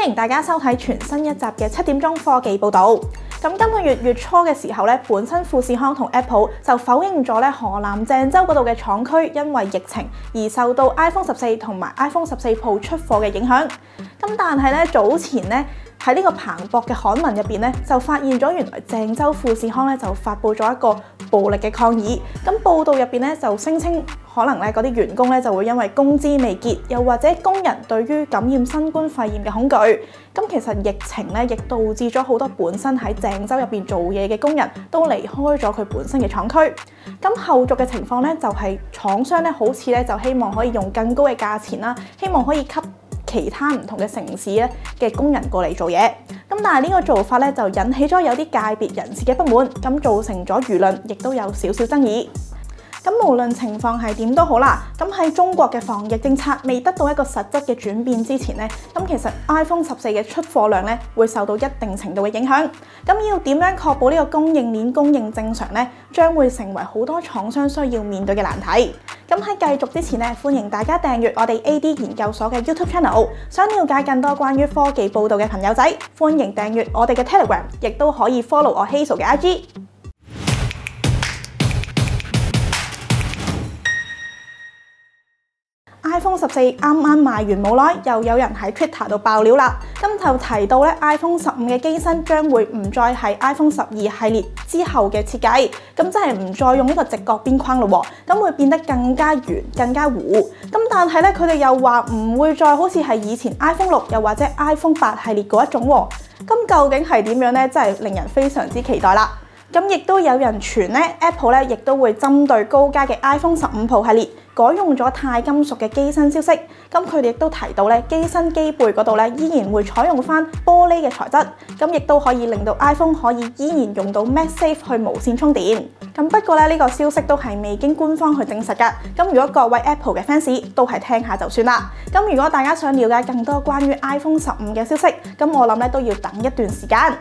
歡迎大家收睇全新一集嘅七點鐘科技報道。咁今個月月初嘅時候咧，本身富士康同 Apple 就否認咗咧河南鄭州嗰度嘅廠區因為疫情而受到 iPhone 十四同埋 iPhone 十四 Pro 出貨嘅影響。咁但係咧早前咧喺呢個彭博嘅刊文入邊咧，就發現咗原來鄭州富士康咧就發布咗一個暴力嘅抗議。咁報道入邊咧就聲稱。可能咧，嗰啲員工咧就會因為工資未結，又或者工人對於感染新冠肺炎嘅恐懼，咁其實疫情咧亦導致咗好多本身喺鄭州入邊做嘢嘅工人都離開咗佢本身嘅廠區。咁後續嘅情況咧就係廠商咧好似咧就希望可以用更高嘅價錢啦，希望可以吸其他唔同嘅城市咧嘅工人過嚟做嘢。咁但係呢個做法咧就引起咗有啲界別人士嘅不滿，咁造成咗輿論亦都有少少爭議。咁無論情況係點都好啦，咁喺中國嘅防疫政策未得到一個實質嘅轉變之前呢，咁其實 iPhone 十四嘅出貨量呢會受到一定程度嘅影響。咁要點樣確保呢個供應鏈供應正常呢？將會成為好多廠商需要面對嘅難題。咁喺繼續之前呢，歡迎大家訂閱我哋 AD 研究所嘅 YouTube channel。想了解更多關於科技報導嘅朋友仔，歡迎訂閱我哋嘅 Telegram，亦都可以 follow 我希素嘅 IG。iPhone 十四啱啱賣完冇耐，又有人喺 Twitter 度爆料啦。今頭提到咧 iPhone 十五嘅機身將會唔再係 iPhone 十二系列之後嘅設計，咁真係唔再用呢個直角邊框咯。咁會變得更加圓，更加弧。咁但係咧，佢哋又話唔會再好似係以前 iPhone 六又或者 iPhone 八系列嗰一種。咁究竟係點樣咧？真係令人非常之期待啦！咁亦都有人傳 Apple 咧亦都會針對高階嘅 iPhone 十五 Pro 系列改用咗鈦金屬嘅機身消息。咁佢哋亦都提到咧，機身機背嗰度咧依然會採用翻玻璃嘅材質。咁亦都可以令到 iPhone 可以依然用到 MagSafe 去無線充電。咁不過咧呢個消息都係未經官方去證實㗎。咁如果各位 Apple 嘅 fans 都係聽下就算啦。咁如果大家想了解更多關於 iPhone 十五嘅消息，咁我諗咧都要等一段時間。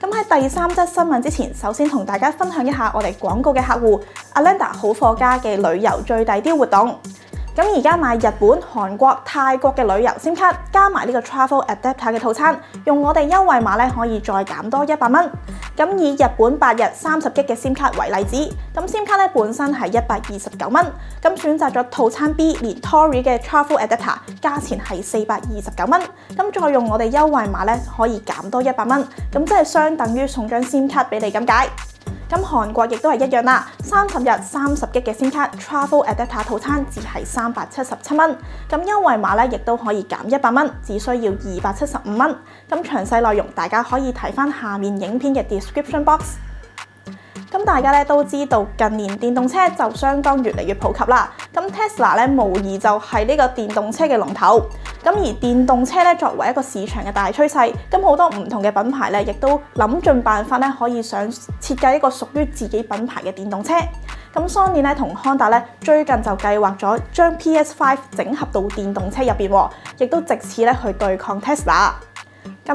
咁喺第三則新聞之前，首先同大家分享一下我哋廣告嘅客戶，Anlander 好貨家嘅旅遊最抵啲活動。咁而家買日本、韓國、泰國嘅旅遊 SIM 卡，加埋呢個 Travel Adapter 嘅套餐，用我哋優惠碼咧可以再減多一百蚊。以日本八日三十 G 嘅 SIM 卡為例子，咁 SIM 卡本身係一百二十九蚊，咁選擇咗套餐 B 連 Torrii 嘅 Travel Adapter，價錢係四百二十九蚊，再用我哋優惠碼咧可以減多一百蚊，即係相等於送張 SIM 卡俾你咁解。咁韓國亦都係一樣啦，三十日三十 GB 嘅先卡 Travel Add Data 套餐只係三百七十七蚊，咁優惠碼呢亦都可以減一百蚊，只需要二百七十五蚊。咁詳細內容大家可以睇返下面影片嘅 description box。咁大家咧都知道，近年電動車就相當越嚟越普及啦。咁 Tesla 咧，無疑就係呢個電動車嘅龍頭。咁而電動車咧作為一個市場嘅大趨勢，咁好多唔同嘅品牌咧，亦都諗盡辦法咧，可以想設計一個屬於自己品牌嘅電動車。咁 Sony 咧同 Honda 咧，最近就計劃咗將 PS5 整合到電動車入邊，亦都藉此咧去對抗 Tesla。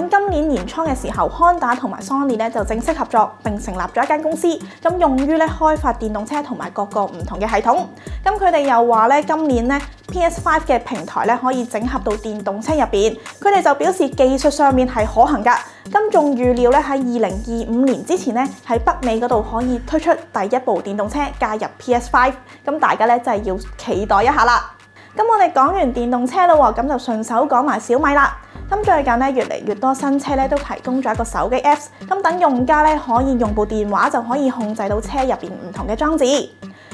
今年年初嘅時候，康達同埋 Sony 咧就正式合作並成立咗一間公司，咁用於咧開發電動車同埋各個唔同嘅系統。咁佢哋又話咧，今年咧 PS5 嘅平台咧可以整合到電動車入邊，佢哋就表示技術上面係可行㗎。金仲預料咧喺二零二五年之前咧喺北美嗰度可以推出第一部電動車加入 PS5。咁大家咧就係要期待一下啦。咁我哋講完電動車啦喎，咁就順手講埋小米啦。咁最近咧，越嚟越多新車咧都提供咗一個手機 Apps，咁等用家咧可以用部電話就可以控制到車入邊唔同嘅裝置。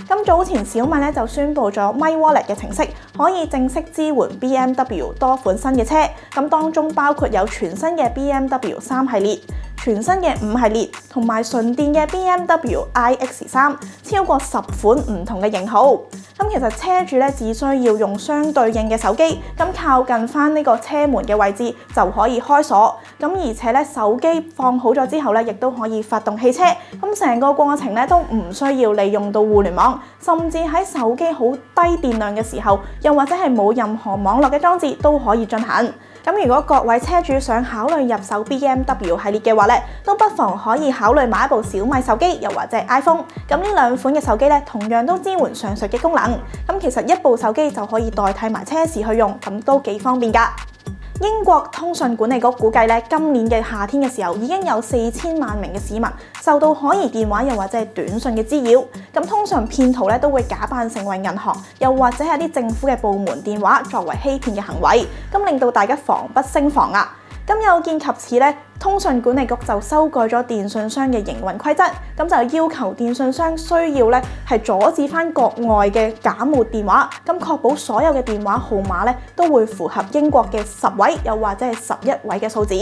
咁早前小米咧就宣布咗 MyWallet 嘅程式可以正式支援 BMW 多款新嘅車，咁當中包括有全新嘅 BMW 三系列。全新嘅五系列同埋純電嘅 BMW iX 3，超過十款唔同嘅型號。咁其實車主咧只需要用相對應嘅手機，咁靠近翻呢個車門嘅位置就可以開鎖。咁而且咧手機放好咗之後咧，亦都可以發動汽車。咁成個過程咧都唔需要利用到互聯網，甚至喺手機好低電量嘅時候，又或者係冇任何網絡嘅裝置都可以進行。咁如果各位車主想考慮入手 BMW 系列嘅話呢都不妨可以考慮買一部小米手機，又或者 iPhone。咁呢兩款嘅手機咧，同樣都支援上述嘅功能。咁其實一部手機就可以代替埋車匙去用，咁都幾方便㗎。英國通訊管理局估計咧，今年嘅夏天嘅時候，已經有四千萬名嘅市民受到可疑電話又或者係短訊嘅滋擾。咁通常騙徒咧都會假扮成為銀行，又或者係啲政府嘅部門電話作為欺騙嘅行為，咁令到大家防不勝防啊！咁有見及此咧，通訊管理局就修改咗電信商嘅營運規則，咁就要求電信商需要咧係阻止返國外嘅假冒電話，咁確保所有嘅電話號碼咧都會符合英國嘅十位又或者係十一位嘅數字。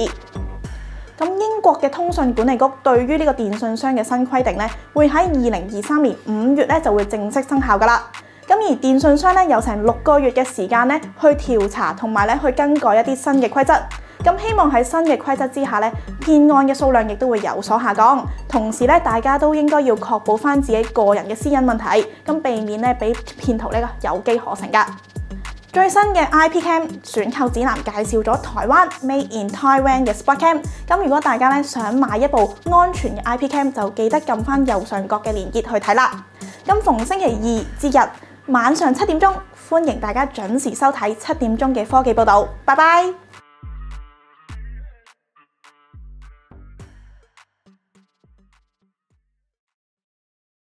咁英國嘅通訊管理局對於呢個電信商嘅新規定咧，會喺二零二三年五月咧就會正式生效㗎喇。咁而電信商咧有成六個月嘅時間咧去調查同埋咧去更改一啲新嘅規則。咁希望喺新嘅規則之下咧，騙案嘅數量亦都會有所下降。同時咧，大家都應該要確保翻自己個人嘅私隱問題，咁避免咧俾騙徒呢個有機可乘噶。最新嘅 IP Cam 選購指南介紹咗台灣 Made in Taiwan 嘅 Spot Cam。咁如果大家咧想買一部安全嘅 IP Cam，就記得撳翻右上角嘅連結去睇啦。咁逢星期二至日晚上七點鐘，歡迎大家準時收睇七點鐘嘅科技報道。拜拜。